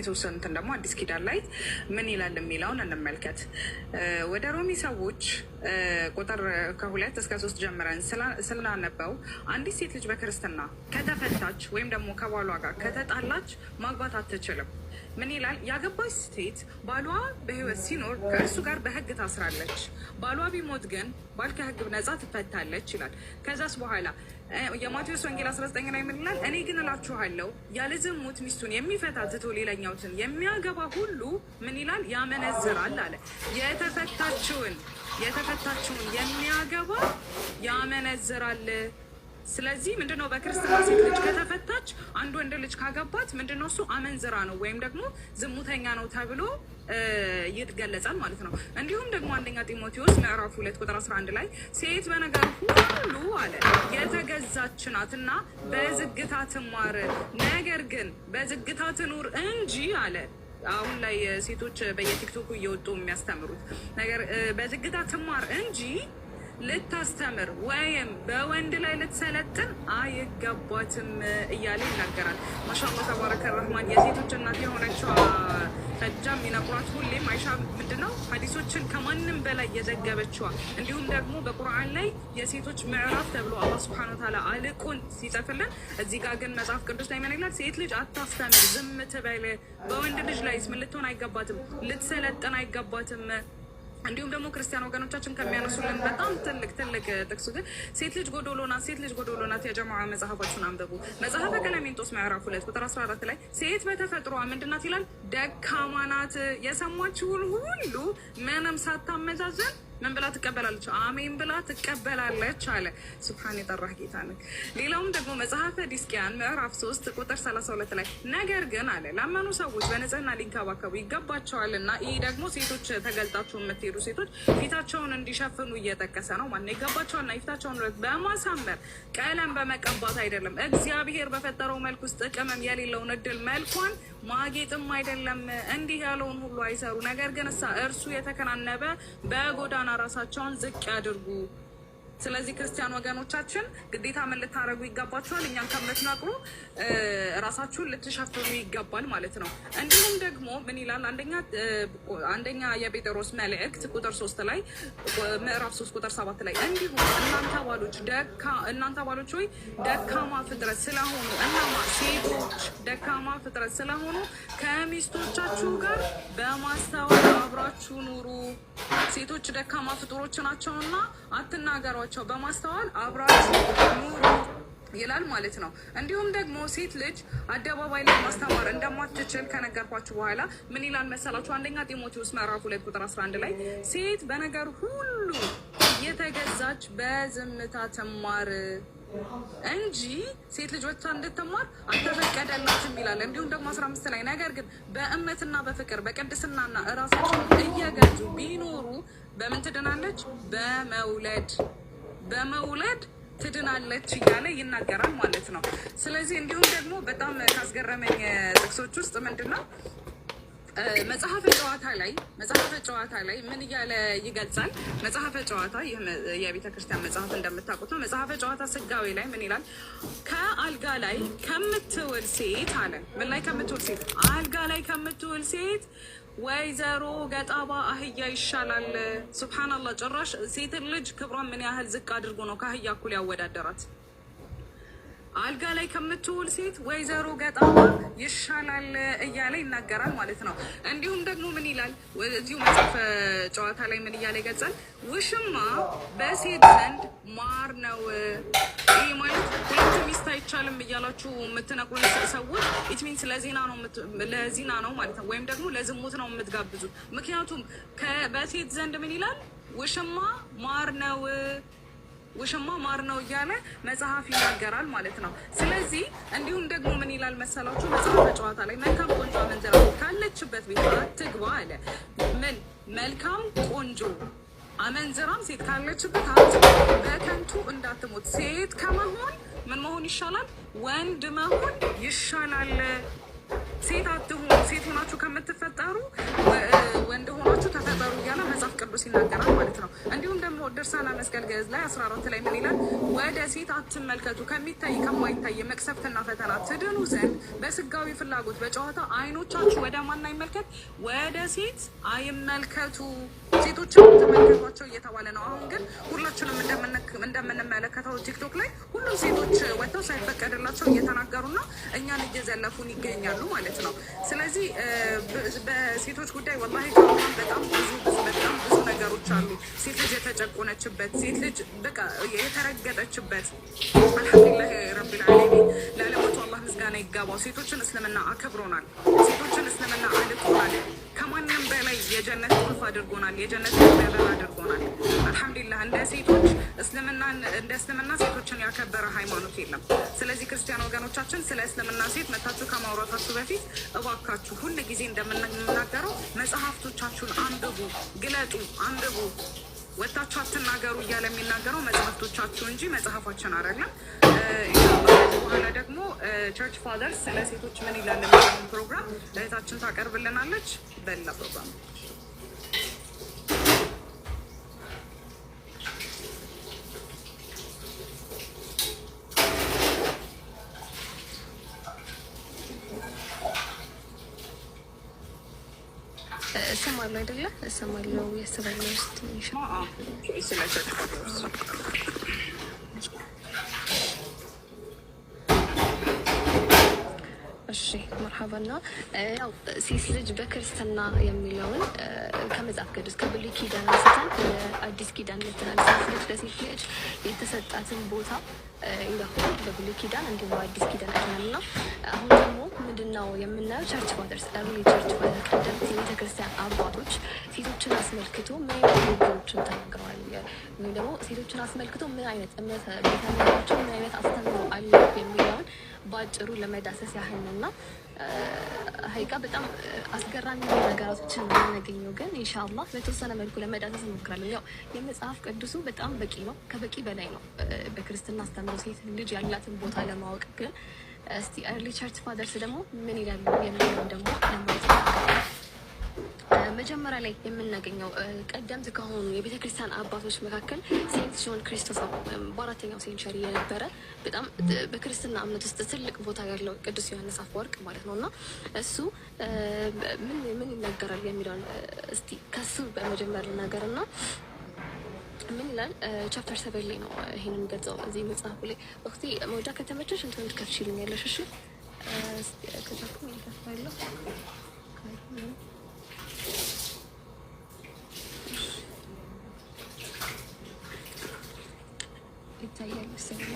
የተወሰኑትን ደግሞ አዲስ ኪዳን ላይ ምን ይላል የሚለውን እንመልከት። ወደ ሮሚ ሰዎች ቁጥር ከሁለት እስከ ሶስት ጀምረን ስላነበው አንዲት ሴት ልጅ በክርስትና ከተፈታች ወይም ደግሞ ከባሏ ጋር ከተጣላች ማግባት አትችልም። ምን ይላል? ያገባች ሴት ባሏ በህይወት ሲኖር ከእርሱ ጋር በህግ ታስራለች። ባሏ ቢሞት ግን ባል ከህግ ነጻ ትፈታለች ይላል። ከዛስ በኋላ የማቴዎስ ወንጌል 19 ላይ ምን ይላል? እኔ ግን እላችኋለሁ ያለ ዝሙት ሚስቱን የሚፈታ ትቶ ሌላኛውትን የሚያገባ ሁሉ ምን ይላል? ያመነዝራል አለ። የተፈታችውን የተፈታችውን የሚያገባ ያመነዝራል ስለዚህ ምንድነው በክርስትና ሴት ልጅ ከተፈታች አንድ ወንድ ልጅ ካገባት ምንድነው እሱ አመንዝራ ነው ወይም ደግሞ ዝሙተኛ ነው ተብሎ ይገለጻል ማለት ነው። እንዲሁም ደግሞ አንደኛ ጢሞቴዎስ ምዕራፍ ሁለት ቁጥር 11 ላይ ሴት በነገር ሁሉ አለ የተገዛች ናት እና በዝግታ ትማር፣ ነገር ግን በዝግታ ትኑር እንጂ አለ አሁን ላይ ሴቶች በየቲክቶኩ እየወጡ የሚያስተምሩት ነገር በዝግታ ትማር እንጂ ልታስተምር ወይም በወንድ ላይ ልትሰለጥን አይገባትም እያለ ይናገራል። ማሻላ ተባረከ ረህማን የሴቶች እናት የሆነችው ፈጃ የሚነግሯት ሁሌም አይሻ ምንድነው ሀዲሶችን ከማንም በላይ የዘገበችዋ እንዲሁም ደግሞ በቁርአን ላይ የሴቶች ምዕራፍ ተብሎ አላህ ስብሐነ ወተዓላ አልቁን ሲጽፍልን፣ እዚህ ጋር ግን መጽሐፍ ቅዱስ ላይ ምን ሴት ልጅ አታስተምር፣ ዝም ትበል፣ በወንድ ልጅ ላይ ምን ልትሆን አይገባትም፣ ልትሰለጥን አይገባትም እንዲሁም ደግሞ ክርስቲያን ወገኖቻችን ከሚያነሱልን በጣም ትልቅ ትልቅ ጥቅሱ ግን ሴት ልጅ ጎዶሎ ሴት ልጅ ጎዶሎ ናት። የጀማ መጽሐፋችን አንብቡ። መጽሐፈ ቀለሚንጦስ ምዕራፍ ሁለት ቁጥር 14 ላይ ሴት በተፈጥሯ ምንድናት ይላል? ደካማ ናት፣ የሰማችውን ሁሉ ምንም ሳታመዛዘን ምን ብላ ትቀበላለች? አሜን ብላ ትቀበላለች አለ። ሱብሃን የጠራህ ጌታ ነው። ሌላውም ደግሞ መጽሐፈ ዲስኪያን ምዕራፍ 3 ቁጥር 32 ላይ ነገር ግን አለ ላመኑ ሰዎች በንጽህና ሊንከባከቡ ይገባቸዋል እና ይህ ደግሞ ሴቶች ተገልጣቸው የምትሄዱ ሴቶች ፊታቸውን እንዲሸፍኑ እየጠቀሰ ነው ማለት ይገባቸዋል እና በማሳመር ቀለም በመቀባት አይደለም። እግዚአብሔር በፈጠረው መልክ ውስጥ ጥቅምም የሌለውን እድል መልኳን ማጌጥም አይደለም። እንዲህ ያለውን ሁሉ አይሰሩ። ነገር ግን እሳ እርሱ የተከናነበ በጎዳና ራሳቸውን ዝቅ ያድርጉ ስለዚህ ክርስቲያን ወገኖቻችን ግዴታ ምን ልታደረጉ ይገባችኋል? እኛን ከምትናቅሩ ራሳችሁን ልትሸፍኑ ይገባል ማለት ነው። እንዲሁም ደግሞ ምን ይላል አንደኛ አንደኛ የጴጥሮስ መልእክት ቁጥር ሶስት ላይ ምዕራፍ ሶስት ቁጥር ሰባት ላይ እንዲሁም እናንተ ባሎች እናንተ ባሎች ሆይ ደካማ ፍጥረት ስለሆኑ እናማ ሴቶች ደካማ ፍጥረት ስለሆኑ ከሚስቶቻችሁ ጋር በማስተዋል አብራችሁ ኑሩ። ሴቶች ደካማ ፍጡሮች ናቸውና አትናገሯቸው ናቸው። በማስተዋል አብራችሁ ኑሩ ይላል ማለት ነው። እንዲሁም ደግሞ ሴት ልጅ አደባባይ ላይ ማስተማር እንደማትችል ከነገርኳችሁ በኋላ ምን ይላል መሰላችሁ? አንደኛ ጢሞቴዎስ ምዕራፍ ሁለት ቁጥር 11 ላይ ሴት በነገር ሁሉ የተገዛች በዝምታ ትማር እንጂ ሴት ልጅ ወጥታ እንድትማር አልተፈቀደላትም ይላል። እንዲሁም ደግሞ 15 ላይ ነገር ግን በእምነትና በፍቅር በቅድስናና እራሳቸውን እየገዙ ቢኖሩ በምን ትድናለች? በመውለድ በመውለድ ትድናለች እያለ ይናገራል ማለት ነው። ስለዚህ እንዲሁም ደግሞ በጣም ካስገረመኝ ጥቅሶች ውስጥ ምንድን ነው መጽሐፈ ጨዋታ ላይ መጽሐፈ ጨዋታ ላይ ምን እያለ ይገልጻል? መጽሐፈ ጨዋታ ይህ የቤተ ክርስቲያን መጽሐፍ እንደምታውቁት ነው። መጽሐፈ ጨዋታ ስጋዌ ላይ ምን ይላል? ከአልጋ ላይ ከምትውል ሴት አለ። ምን ላይ ከምትውል ሴት? አልጋ ላይ ከምትውል ሴት ወይዘሮ ገጣባ አህያ ይሻላል። ሱብሓነላህ ጭራሽ ሴትን ልጅ ክብሯን ምን ያህል ዝቅ አድርጎ ነው ከአህያ እኩል ያወዳደራት። አልጋ ላይ ከምትውል ሴት ወይዘሮ ገጣማ ይሻላል እያለ ይናገራል ማለት ነው። እንዲሁም ደግሞ ምን ይላል እዚሁ መጽሐፍ ጨዋታ ላይ ምን እያለ ይገልጻል? ውሽማ በሴት ዘንድ ማር ነው። ይህ ማለት ሁለቱ ሚስት አይቻልም እያላችሁ የምትነቁን ሰዎች ኢት ሚንስ ለዜና ነው ማለት ነው፣ ወይም ደግሞ ለዝሙት ነው የምትጋብዙት። ምክንያቱም በሴት ዘንድ ምን ይላል? ውሽማ ማር ነው ውሽማ ማር ነው እያለ መጽሐፍ ይናገራል ማለት ነው። ስለዚህ እንዲሁም ደግሞ ምን ይላል መሰላችሁ መጽሐፈ ጨዋታ ላይ መልካም ቆንጆ አመንዝራ ካለችበት ቤት አትግባ አለ። ምን መልካም ቆንጆ አመንዝራም ሴት ካለችበት አትግባ፣ በከንቱ እንዳትሞት። ሴት ከመሆን ምን መሆን ይሻላል? ወንድ መሆን ይሻላል። ሴት አትሆን ሴት ሆናችሁ ከምትፈጠሩ ወንድ ሆናችሁ ተፈጠሩ እያለ መጽሐፍ ቅዱስ ይናገራል ማለት ነው። እንዲሁም ደግሞ ድርሳነ መስቀል ገጽ ላይ 14 ላይ ምን ይላል? ወደ ሴት አትመልከቱ፣ ከሚታይ ከማይታይ መቅሰፍትና ፈተና ትድኑ ዘንድ በስጋዊ ፍላጎት በጨዋታ አይኖቻችሁ ወደ ማን አይመልከት? ወደ ሴት አይመልከቱ ሴቶች ተመልከቷቸው እየተባለ ነው። አሁን ግን ሁላችንም እንደምንመለከተው ቲክቶክ ላይ ሁሉም ሴቶች ወጥተው ሳይፈቀድላቸው እየተናገሩና እኛን እየዘለፉን ይገኛሉ ማለት ነው። ስለዚህ በሴቶች ጉዳይ ወላሂ በጣም ብዙ ብዙ በጣም ብዙ ነገሮች አሉ። ሴት ልጅ የተጨቆነችበት፣ ሴት ልጅ በቃ የተረገጠችበት። አልሐምዱሊላህ ረቢል ዓለሚን አላህ ምስጋና ይገባው። ሴቶችን እስልምና አከብሮናል። ሴቶችን እስልምና አልቆናል። ከማንም በላይ የጀነት ቁልፍ አድርጎናል። የጀነት በር አድርጎናል። አልሐምዱሊላህ እንደ ሴቶች እስልምና እንደ እስልምና ሴቶችን ያከበረ ሃይማኖት የለም። ስለዚህ ክርስቲያን ወገኖቻችን ስለ እስልምና ሴት መታችሁ ከማውራታችሁ በፊት እባካችሁ ሁል ጊዜ እንደምንናገረው መጽሐፍቶቻችሁን አንብቡ፣ ግለጡ አንብቡ፣ ወታችሁ አትናገሩ እያለ የሚናገረው መጽሐፍቶቻችሁ እንጂ መጽሐፋችን አይደለም። በኋላ ደግሞ ቸርች ፋዘርስ ስለ ሴቶች ምን ይላል የሚለውን ፕሮግራም እህታችን ታቀርብልናለች። በላ ፕሮግራም ይሰማል አይደለ? እሰማለሁ ያስባለ ውስጥ እሺ መርሐባና ያው ሴት ልጅ በክርስትና የሚለውን ከመጽሐፍ ቅዱስ ከብሉይ ኪዳን አንስተን በአዲስ ኪዳን ልትላለች ለሴት ልጅ የተሰጣትን ቦታ ይለሆን በብሉይ ኪዳን እንዲሁም በአዲስ ኪዳን አይሆንም እና አሁን ደግሞ ምንድነው የምናየው? ቸርች ፋደርስ ርሊ ቸርች ፋደር ቀደምት የቤተክርስቲያን አባቶች ሴቶችን አስመልክቶ ምን አይነት ንግግሮችን ተናግረዋል? ወይም ደግሞ ሴቶችን አስመልክቶ ምን አይነት እምነት ቤተመራቸው ምን አይነት አስተምሮ አለ የሚለውን በአጭሩ ለመዳሰስ ያህል ነውና ሀይቃ በጣም አስገራሚ ነገራቶችን የምናገኘው ግን ኢንሻላ በተወሰነ መልኩ ለመዳሰስ እሞክራለሁ። ያው የመጽሐፍ ቅዱሱ በጣም በቂ ነው፣ ከበቂ በላይ ነው። በክርስትና አስተምሮ ሴት ልጅ ያላትን ቦታ ለማወቅ ግን እስቲ ኤርሊ ቸርች ፋደርስ ደግሞ ምን ይላሉ የሚለውን ደግሞ ለማወቅ መጀመሪያ ላይ የምናገኘው ቀደምት ከሆኑ የቤተ ክርስቲያን አባቶች መካከል ሴንት ጆን ክሪስቶፈር በአራተኛው ሴንቸሪ የነበረ በጣም በክርስትና እምነት ውስጥ ትልቅ ቦታ ያለው ቅዱስ ዮሐንስ አፈወርቅ ማለት ነው እና እሱ ምን ምን ይናገራል የሚለውን እስቲ ከሱ በመጀመር ልናገር እና ምን ይላል ቻፕተር ሰቨን ላይ ነው ይህንን ገልጸው እዚህ መጽሐፉ ላይ ወቅቲ መውጃ ከተመቸሽ እንትን ከፍችልኛለሽ እሺ ከፍ ያለው ይታያል መሰለኝ።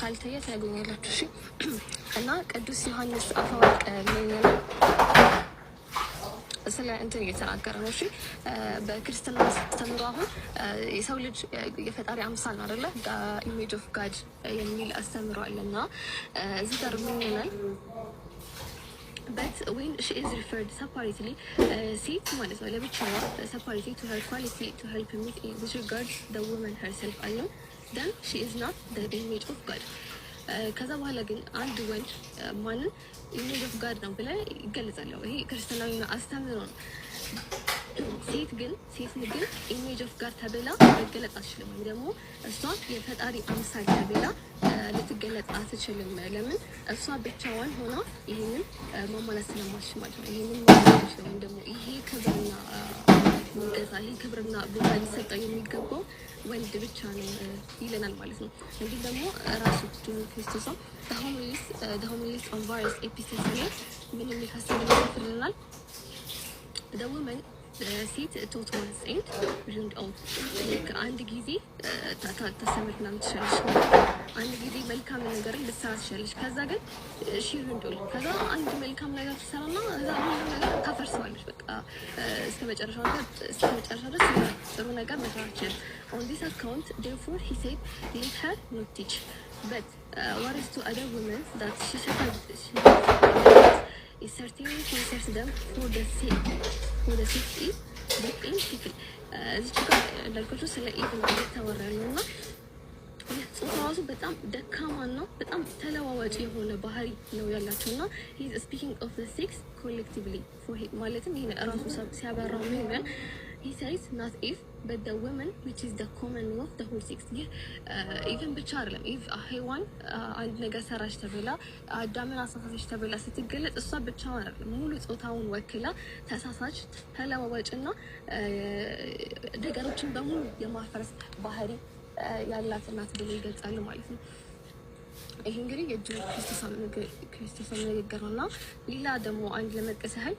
ካልታየ ታገኛላችሁ። እሺ እና ቅዱስ ዮሐንስ አፈወርቅ ምንም ስለ እንትን እየተናገረ ነው። እሺ በክርስትና አስተምሮ አሁን የሰው ልጅ የፈጣሪ አምሳል አደለ ኢሜጅ ኦፍ ጋድ የሚል አስተምሮ አለና እዚህ ጋር ምን ይሆናል? በት ዌን ሺ ኢዝ ሪፈርድ ሰፓሬትሊ ሴት ማለት ነው ለብቻዋ ሰፓሬትሊ ቱ ሄር ኳሊቲ ቱ ሄልፕ ሚት ዲስ ሪጋርድ ውመን ሄርሰልፍ አለው ደን ሺ ኢዝ ናት ደ ኢሜጅ ኦፍ ጋድ። ከዛ በኋላ ግን አንድ ወንድ uh, ማንን ኢሜጅ ኦፍ ጋድ ነው ብለ ይገለጻል። ይሄ ክርስትናዊና አስተምህሮ ነው። ሴት ግን ሴት ግን ኢሜጅ ኦፍ ጋድ ተብላ መገለጽ አትችልም። ወይም ደግሞ እሷ የፈጣሪ አምሳል ተብላ ልትገለጽ አትችልም። ለምን እሷ ብቻዋን ሆና ይህንን ማሟላት ስለማልሽ ማለት ነው። ይህንን ማሟላት ወይም ደግሞ ይሄ ክብርና ሚገዛ ይሄ ክብርና ቦታ ሊሰጠው የሚገባው ወንድ ብቻ ነው ይለናል ማለት ነው። እንዲህ ደግሞ ራሱ ዱ ክርስቶስ ሆሚሊስ ኦን ቫይረስ ኤፒሶድስ ላይ ምን የሚካሰል ይመስልናል? ሴት ቶታል ሴት ሪንዳው ልክ አንድ ጊዜ ታስተምር ምናምን ትችላለሽ፣ አንድ ጊዜ መልካም ነገር ልትሰራ ትችላለሽ። ከዛ ግን እሺ ሪንዳው ከዛ አንድ መልካም ነገር ትሰራና እዛ ሁሉ ነገር ታፈርሰዋለች። በቃ እስከ መጨረሻ ነገር እስከ መጨረሻ ድረስ ጥሩ ነገር መስራችል ኦን ዲስ አካውንት ዴርፎር ሂ ሴድ ሌት ሀር ኖት ቲች በት ዋሪስ ቱ አደር ውመን ዛት ሺ ሰፋ ሰርቲን ሪሰርች ደም ፎር ደ ሴም ወደዚህ በኢን ክፍል እዚች ጋር እንዳልኳቸው ስለ ኢድ ነው እየተወራ ያለው እና ጽሁፍ ራሱ በጣም ደካማ ነው። በጣም ተለዋዋጭ የሆነ ባህሪ ነው ያላቸው እና ስፒኪንግ ኦፍ ዘ ሴክስ ኮሌክቲቭሊ ማለትም ይሄ ራሱ ሲያበራ ምን ይላል he says not if but the woman which is the common of the whole ይህ ኢቨን uh, ብቻ አይደለም ኢቭ ሄዋን uh, አንድ ነገር ሰራች ተብላ አዳምን አሳሳች ተብላ ስትገለጽ እሷ ብቻዋን አይደለም ሙሉ ጾታውን ወክላ ተሳሳች ተለዋዋጭና uh, ነገሮችን በሙሉ የማፈረስ ባህሪ ያላት እናት ብሎ ይገልጻሉ ማለት ነው። ይህ እንግዲህ የእጅ ክርስቶስ ንግግር ነው እና ሌላ ደግሞ አንድ ለመጥቀስ ያህል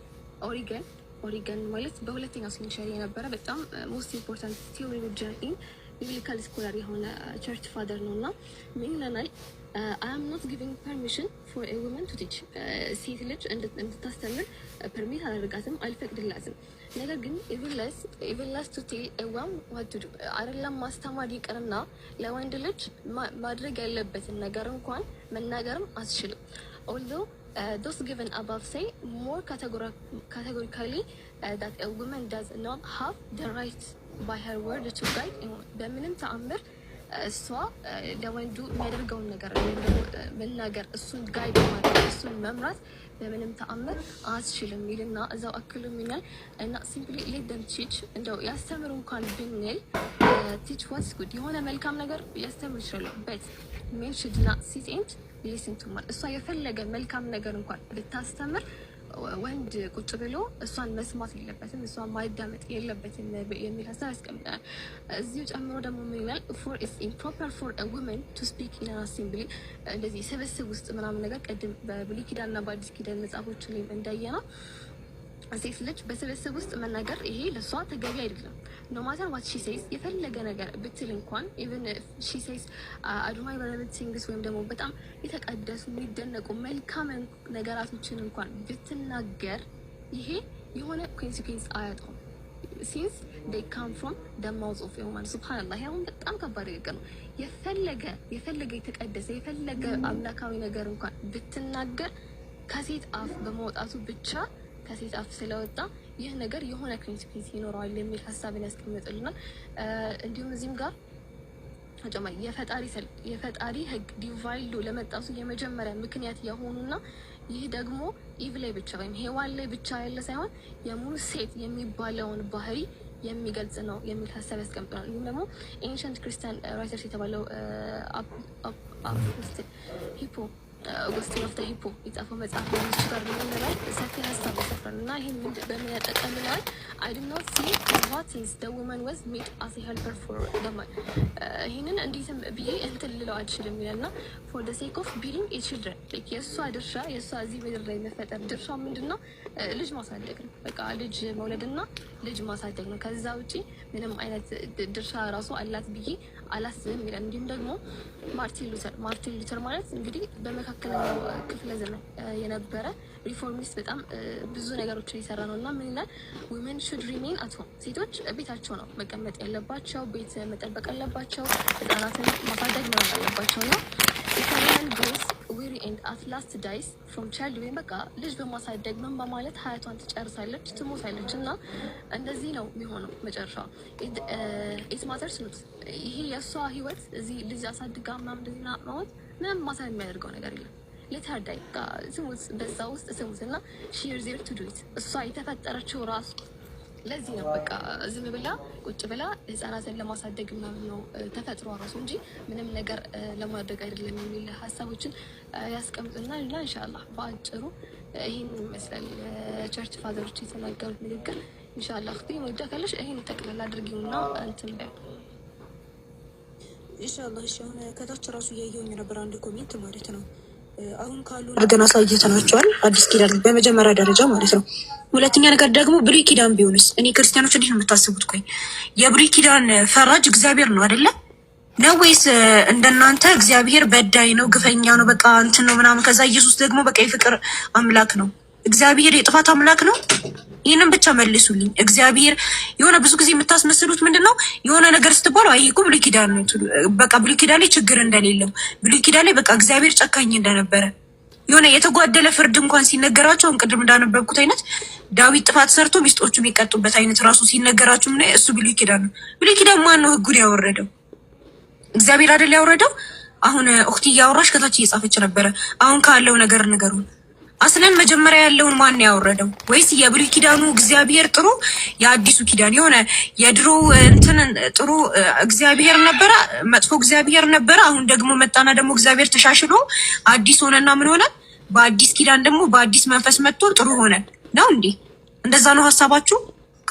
ኦሪገን ኦሪገን ማለት በሁለተኛው ሴንቸሪ የነበረ በጣም ሞስት ኢምፖርታንት ቴዎሎጂያን ኢን ቢብሊካል ስኮላር የሆነ ቸርች uh, ፋደር ነው እና ምን ይለናል? አይ አም ኖት ጊቪንግ ፐርሚሽን ፎር ኤ ውመን ቱ ቲች። ሴት ልጅ እንድታስተምር ፐርሚት uh, አላደርጋትም፣ አልፈቅድላትም። ነገር ግን ኢቨንላስ ቱ ቴል ኤዋም ዋትዱ አይደለም ማስተማር ይቅርና ለወንድ ልጅ ማድረግ ያለበትን ነገር እንኳን መናገርም አስችልም ኦልዶ Uh, those given above say more categorically uh, that a woman does not have the right by her word to guide በምንም ተአምር uh, እሷ ለወንዱ የሚያደርገውን ነገር መናገር እሱን ጋይድ ማድረግ እሱን መምራት በምንም ተአምር አትችልም ይልና እዛው አክሉምኛል እና ሲምፕሊ ሌት ደም ቲች እንደው ያስተምሩ እንኳን ብንል ቲች ዋትስ ጉድ የሆነ መልካም ነገር ያስተምር ይችላል በት ሜን ሽድ ናት ሲት ኤንድ ሊስን ቱ እሷ የፈለገ መልካም ነገር እንኳን ብታስተምር ወንድ ቁጭ ብሎ እሷን መስማት የለበትም፣ እሷን ማዳመጥ የለበትም የሚል ሀሳብ ያስቀምጠናል። እዚሁ ጨምሮ ደግሞ ምን ይላል? ፎር ኢትስ ኢምፕሮፐር ፎር አ ውመን ቱ ስፒክ ኢን አን አሴምብሊ፣ እንደዚህ ስብስብ ውስጥ ምናምን ነገር ቅድም በብሉይ ኪዳንና በአዲስ ኪዳን መጽሐፎች ላይም እንዳየ ነው ሴት ልጅ በስብስብ ውስጥ መናገር ይሄ ለእሷ ተገቢ አይደለም። ኖ ዋት ሺሴይስ የፈለገ ነገር ብትል እንኳን ኢቨን ሺሴይስ አድማይ በለበት ወይም ደግሞ በጣም የተቀደሱ የሚደነቁ መልካም ነገራቶችን እንኳን ብትናገር ይሄ የሆነ ኮንሲኩንስ አያጣውም። ሲንስ ዴይ ካም ፍሮም ደማውዝ ኦፍ ዩማን ሱብሃንላ። አሁን በጣም ከባድ ነገር ነው። የፈለገ የፈለገ የተቀደሰ የፈለገ አምላካዊ ነገር እንኳን ብትናገር ከሴት አፍ በመውጣቱ ብቻ ከሴት አፍ ስለወጣ ይህ ነገር የሆነ ክሪቲቪቲ ይኖረዋል የሚል ሀሳብን ያስቀምጥልናል። እንዲሁም እዚህም ጋር ተጨማሪ የፈጣሪ ህግ ዲቫይሉ ለመጣሱ የመጀመሪያ ምክንያት የሆኑና ይህ ደግሞ ኢቭ ላይ ብቻ ወይም ሄዋን ላይ ብቻ ያለ ሳይሆን የሙሉ ሴት የሚባለውን ባህሪ የሚገልጽ ነው የሚል ሀሳብ ያስቀምጠናል። ይህም ደግሞ ኤንሸንት ክርስቲያን ራይተርስ የተባለው ሂፖ ኦገስቲን ኦፍ ሂፖ የጻፈው መጽሐፍ ጋር ላይ ነው እና ይህን በምን ያጠቀምለዋል? አይድናው ሲ ዋት ኢዝ ደ ውመን ወዝ ሜድ አስ ሄልፐር ፎር ለማል ይህንን እንዴትም ብዬ እንትን ልለው አልችልም ይላል እና ፎር ደ ሴክ ኦፍ ቢሊንግ የችልድረን የእሷ ድርሻ የእሷ እዚህ ምድር ላይ መፈጠር ድርሻ ምንድን ነው? ልጅ ማሳደግ ነው። በቃ ልጅ መውለድ እና ልጅ ማሳደግ ነው። ከዛ ውጪ ምንም አይነት ድርሻ ራሱ አላት ብዬ አላስብም ይላል። እንዲሁም ደግሞ ማርቲን ሉተር ማርቲን ሉተር ማለት እንግዲህ በመካከለኛው ክፍለ ዘመን የነበረ ሪፎርሚስት በጣም ብዙ ነገሮችን የሰራ ነው እና ምን ይላል? ዊሜን ሹድ ሪሜን አት ሆም፣ ሴቶች ቤታቸው ነው መቀመጥ ያለባቸው፣ ቤት መጠበቅ አለባቸው፣ ህጻናትን ማሳደግ መረጥ ያለባቸው ነው ኢታሊያን ቦይስ ዊሪ ኤንድ አት ላስት ዳይስ ፍሮም ቻይልድ ወይም በቃ ልጅ በማሳደግ ምን በማለት ሀያቷን ትጨርሳለች፣ ትሞታለች። እና እንደዚህ ነው የሚሆነው መጨረሻ ኢት ማተርስ ኖት። ይሄ የእሷ ህይወት እዚህ ልጅ አሳድጋ ምናምን እንደዚህ ማወት ምንም ማሳ የሚያደርገው ነገር የለም። ሌተር ዳይ በዛ ውስጥ ትሙት እና ሺ ዜር ቱ ዱ ኢት እሷ የተፈጠረችው ራሱ ለዚህ ነው በቃ ዝም ብላ ቁጭ ብላ ህፃናትን ለማሳደግ ምናምን ነው ተፈጥሮ ራሱ እንጂ ምንም ነገር ለማድረግ አይደለም የሚል ሀሳቦችን ያስቀምጡና እና እንሻላ በአጭሩ ይህን ይመስላል ቸርች ፋዘሮች የተናገሩት ንግግር። እንሻላ እህቴ ወዳ ካለሽ ይህን ጠቅላላ አድርጊውና እንትን ላይ እንሻላ ከታች ራሱ እያየሁኝ ነበር አንድ ኮሜንት ማለት ነው አሁን ካሉ አድርገን አሳይተናቸዋል። አዲስ ኪዳን በመጀመሪያ ደረጃ ማለት ነው። ሁለተኛ ነገር ደግሞ ብሉይ ኪዳን ቢሆንስ? እኔ ክርስቲያኖች እንዴት ነው የምታስቡት? ኮይ የብሉይ ኪዳን ፈራጅ እግዚአብሔር ነው አይደለ? ነው ወይስ እንደናንተ እግዚአብሔር በዳይ ነው፣ ግፈኛ ነው፣ በቃ እንትን ነው ምናምን። ከዛ ኢየሱስ ደግሞ በቃ የፍቅር አምላክ ነው። እግዚአብሔር የጥፋት አምላክ ነው? ይህንን ብቻ መልሱልኝ። እግዚአብሔር የሆነ ብዙ ጊዜ የምታስመስሉት ምንድን ነው? የሆነ ነገር ስትባሉ አይቁ ብሉይ ኪዳን ነው በቃ ብሉይ ኪዳን ላይ ችግር እንደሌለው ብሉይ ኪዳን ላይ በቃ እግዚአብሔር ጨካኝ እንደነበረ የሆነ የተጓደለ ፍርድ እንኳን ሲነገራቸው አሁን ቅድም እንዳነበብኩት አይነት ዳዊት ጥፋት ሰርቶ ሚስጦቹ የሚቀጡበት አይነት ራሱ ሲነገራቸው ምን እሱ ብሉይ ኪዳን ነው። ብሉይ ኪዳን ማን ነው ህጉን ያወረደው? እግዚአብሔር አይደል ያወረደው? አሁን ኦክቲ እያወራሽ ከታች እየጻፈች ነበረ። አሁን ካለው ነገር ንገሩን። አስለን መጀመሪያ ያለውን ማን ያወረደው? ወይስ የብሉይ ኪዳኑ እግዚአብሔር ጥሩ የአዲሱ ኪዳን የሆነ የድሮ እንትን ጥሩ እግዚአብሔር ነበረ፣ መጥፎ እግዚአብሔር ነበረ። አሁን ደግሞ መጣና ደግሞ እግዚአብሔር ተሻሽሎ አዲስ ሆነና ምን ሆነ? በአዲስ ኪዳን ደግሞ በአዲስ መንፈስ መጥቶ ጥሩ ሆነ ነው እንዴ? እንደዛ ነው ሀሳባችሁ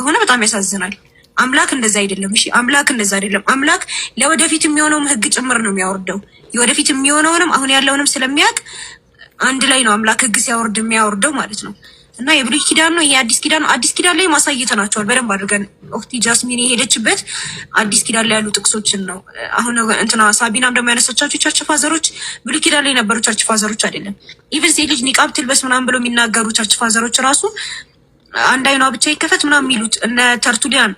ከሆነ በጣም ያሳዝናል። አምላክ እንደዛ አይደለም። እሺ አምላክ እንደዛ አይደለም። አምላክ ለወደፊት የሚሆነውም ህግ ጭምር ነው የሚያወርደው። የወደፊት የሚሆነውንም አሁን ያለውንም ስለሚያውቅ አንድ ላይ ነው አምላክ ህግ ሲያወርድ የሚያወርደው ማለት ነው። እና የብሉይ ኪዳን ነው የአዲስ ኪዳን ነው። አዲስ ኪዳን ላይ ማሳየት ናቸዋል በደንብ አድርገን። ኦክቲ ጃስሚን የሄደችበት አዲስ ኪዳን ላይ ያሉ ጥቅሶችን ነው። አሁን እንትና ሳቢናም ደግሞ ያነሳቻቸው ቸርች ፋዘሮች ብሉይ ኪዳን ላይ የነበሩ ቸርች ፋዘሮች አይደለም። ኢቨን ሴት ልጅ ኒቃብ ትልበስ ምናምን ብለው የሚናገሩ ቸርች ፋዘሮች ራሱ አንድ አይኗ ብቻ ይከፈት ምናምን የሚሉት እነ ተርቱሊያን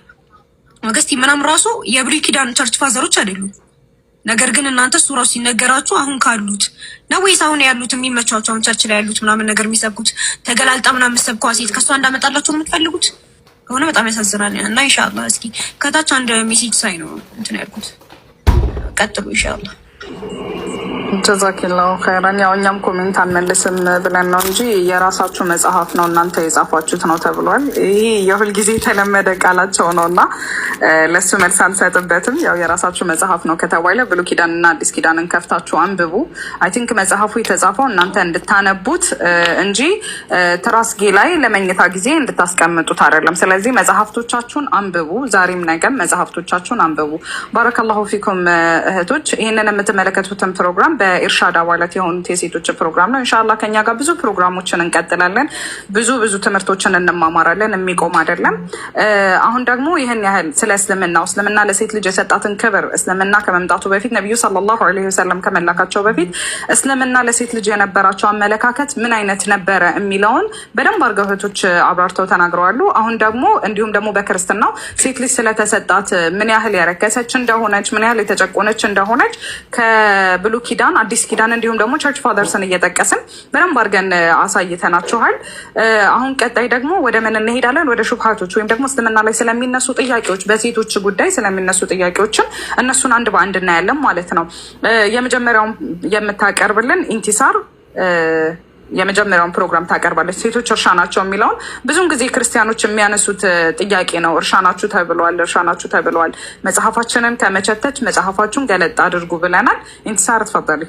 ወገስቲ ምናምን ራሱ የብሉይ ኪዳን ቸርች ፋዘሮች አይደሉም። ነገር ግን እናንተ እሱ ራሱ ሲነገራችሁ አሁን ካሉት ነው ወይስ አሁን ያሉት የሚመቻቸው አሁን ቸርች ላይ ያሉት ምናምን ነገር የሚሰብኩት ተገላልጣ ምናምን የምትሰብከዋ ሴት ከእሷ እንዳመጣላችሁ የምትፈልጉት ከሆነ በጣም ያሳዝናል። እና ኢንሻላ እስኪ ከታች አንድ ሜሴጅ ሳይ ነው እንትን ያልኩት። ቀጥሉ ኢንሻላ ጀዛኪላሁ ኸይረን። ያው እኛም ኮሜንት አንመልስም ብለን ነው እንጂ የራሳችሁ መጽሐፍ ነው እናንተ የጻፏችሁት ነው ተብሏል። ይህ የሁልጊዜ የተለመደ ቃላቸው ነው እና ለሱ መልስ አንሰጥበትም። ያው የራሳችሁ መጽሐፍ ነው ከተባለ ብሉይ ኪዳን እና አዲስ ኪዳንን ከፍታችሁ አንብቡ። አይ ቲንክ መጽሐፉ የተጻፈው እናንተ እንድታነቡት እንጂ ትራስጌ ላይ ለመኝታ ጊዜ እንድታስቀምጡት አይደለም። ስለዚህ መጽሐፍቶቻችሁን አንብቡ። ዛሬም ነገም መጽሐፍቶቻችሁን አንብቡ። ባረከላሁ ፊኩም እህቶች፣ ይህንን የምትመለከቱትን ፕሮግራም በኢርሻድ አባላት የሆኑት የሴቶች ፕሮግራም ነው። እንሻላ ከኛ ጋር ብዙ ፕሮግራሞችን እንቀጥላለን። ብዙ ብዙ ትምህርቶችን እንማማራለን። የሚቆም አይደለም። አሁን ደግሞ ይህን ያህል ስለ እስልምናው እስልምና ለሴት ልጅ የሰጣትን ክብር እስልምና ከመምጣቱ በፊት ነቢዩ ሰለላሁ ዐለይሂ ወሰለም ከመላካቸው በፊት እስልምና ለሴት ልጅ የነበራቸው አመለካከት ምን አይነት ነበረ የሚለውን በደንብ አድርገው አብራርተው ተናግረዋሉ። አሁን ደግሞ እንዲሁም ደግሞ በክርስትናው ሴት ልጅ ስለተሰጣት ምን ያህል ያረከሰች እንደሆነች ምን ያህል የተጨቆነች እንደሆነች ከብሉ ኪዳን ኪዳን፣ አዲስ ኪዳን እንዲሁም ደግሞ ቸርች ፋደርስን እየጠቀስን በደንብ አድርገን አሳይተናችኋል። አሁን ቀጣይ ደግሞ ወደ ምን እንሄዳለን? ወደ ሹብሃቶች ወይም ደግሞ እስልምና ላይ ስለሚነሱ ጥያቄዎች፣ በሴቶች ጉዳይ ስለሚነሱ ጥያቄዎችን እነሱን አንድ በአንድ እናያለን ማለት ነው። የመጀመሪያውም የምታቀርብልን ኢንቲሳር የመጀመሪያውን ፕሮግራም ታቀርባለች። ሴቶች እርሻ ናቸው የሚለውን ብዙን ጊዜ ክርስቲያኖች የሚያነሱት ጥያቄ ነው። እርሻ ናችሁ ተብለዋል፣ እርሻ ናችሁ ተብለዋል። መጽሐፋችንን ከመቸተች መጽሐፋችሁን ገለጥ አድርጉ ብለናል። ኢንትሳር ትፈጠል